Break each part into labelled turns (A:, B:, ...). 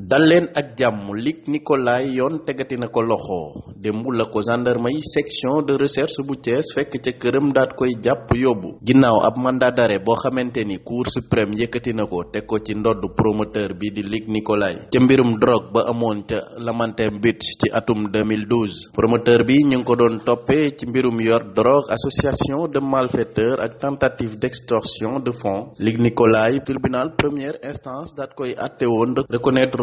A: dal leen ak jàmm Luc Nicolaï yoon tegati na ko loxo démb la ko gendarmerie section de recherche bu Thiès fekk ca këram daat koy jàpp yóbbu ginnaaw ab mandat d'arrêt boo xamante ni cour suprême yëkkati na ko teg ko ci ndodd promoteur bi di Luc Nicolaï ca mbirum drogue ba amoon ca Lamantin Beach ci atum 2012 promoteur bi ñu ngi ko doon toppee ci mbirum yor drogue association de malfaiteurs ak tentative d'extorsion de fonds Luc Nicolaï tribunal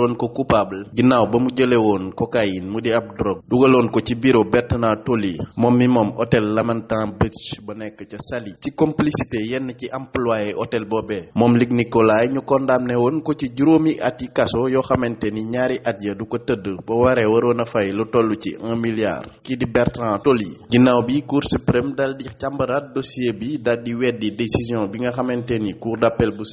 A: jàppewoon ko coupable ginnaaw ba mu jëlee woon cocaïne mu di ab drogue dugaloon ko ci bureau Bertrand Tolley moom mi moom hôtel Lamantin Beach ba nekk ca Saly ci complicité yenn ci employé hôtel boobee moom Luc Nicolaï ñu condamné woon ko ci juróomi ati kaso yoo xamante ni ñaari at ya du ko tëdd ba waree waroon a fay lu toll ci un milliard kii di Bertrand Tolley ginnaaw bi cour suprême dal di càmbaraat dossier bi dal di weddi décision bi nga xamante ni cour d'appel bu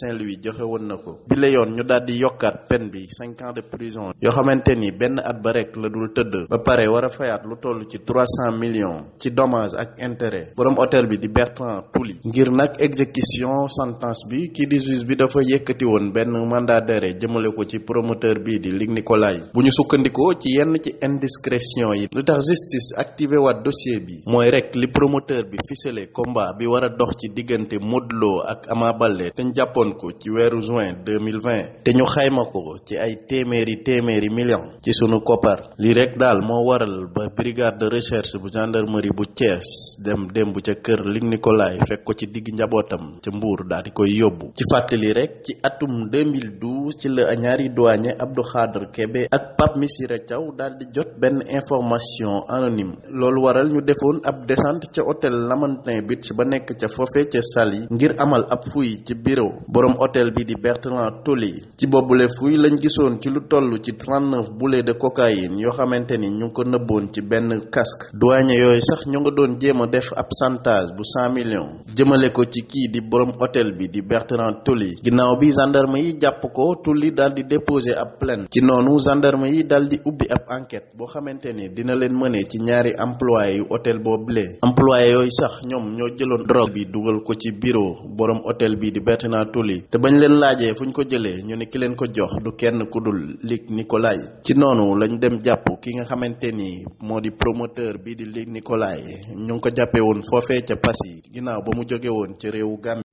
A: ans de prison yoo xamante ni benn at ba rek la dul tëdd ba pare war a fayaat lu toll ci trois cent millions ci dommage ak intérêt borom hôtel bi di Bertrand Pouli ngir nag exécution sentence bi kii di bi dafa yëkkati woon benn mandat d'arrêt jëmale ko ci promoteur bii di Luc Nicolaï bu ñu sukkandikoo ci yenn ci indiscrétion yi lu tax justice activé waat dossier bi mooy rek li promoteur bi fisele combat bi war a dox ci diggante Modou ak Ama Baldé te ñu jàppoon ko ci weeru juin 2020 te ñu téeméeri téeméeri million ci sunu koppar lii rek daal moo waral ba brigade de recherche bu gendarmerie bu Thiès dem démb ca kër Luc Nicolaï fekk ko ci digg njabootam ca Mbour daal di koy yóbbu ci fàttali rek ci atum 2012 ci la ñaari douanier Abdou Khadre kebe ak Pape caw Thiaw daal di jot benn information anonyme loolu waral ñu defoon ab descente ca hôtel Lamantin Beach ba nekk ca foofe ca Saly ngir amal ab fuy ci bureau borom hôtel bi di Bertrand Tolly ci nekkoon ci lu toll ci 39 boulet de cocaïne yoo xamante ni ñu ngi ko nëbboon ci benn casque douanier yooyu sax ñu nga doon jéem a def ab centage bu million millions jëmale ko ci kii di borom hôtel bi di Bertrand Tulli ginnaaw bi gendarme yi jàpp ko Tulli daal di déposer ab plainte ci noonu gendarme yi daal di ubbi ab enquête boo xamante ni dina leen mëne ci ñaari employé yu hôtel boobule employé yooyu sax ñoom ñoo jëloon drogue bi dugal ko ci bureau borom hôtel bi di Bertrand Tulli te bañ leen laajee fu ko jëlee ñu ne ki leen ko jox kudul Luc Nicolaï ci noonu lañ dem jàpp ki nga xamante ni moo di promoteur bii di Luc Nicolaï ñu ngi ko jàppee woon foofee ca Passy ginnaaw ba mu jóge woon ci réewu Gambie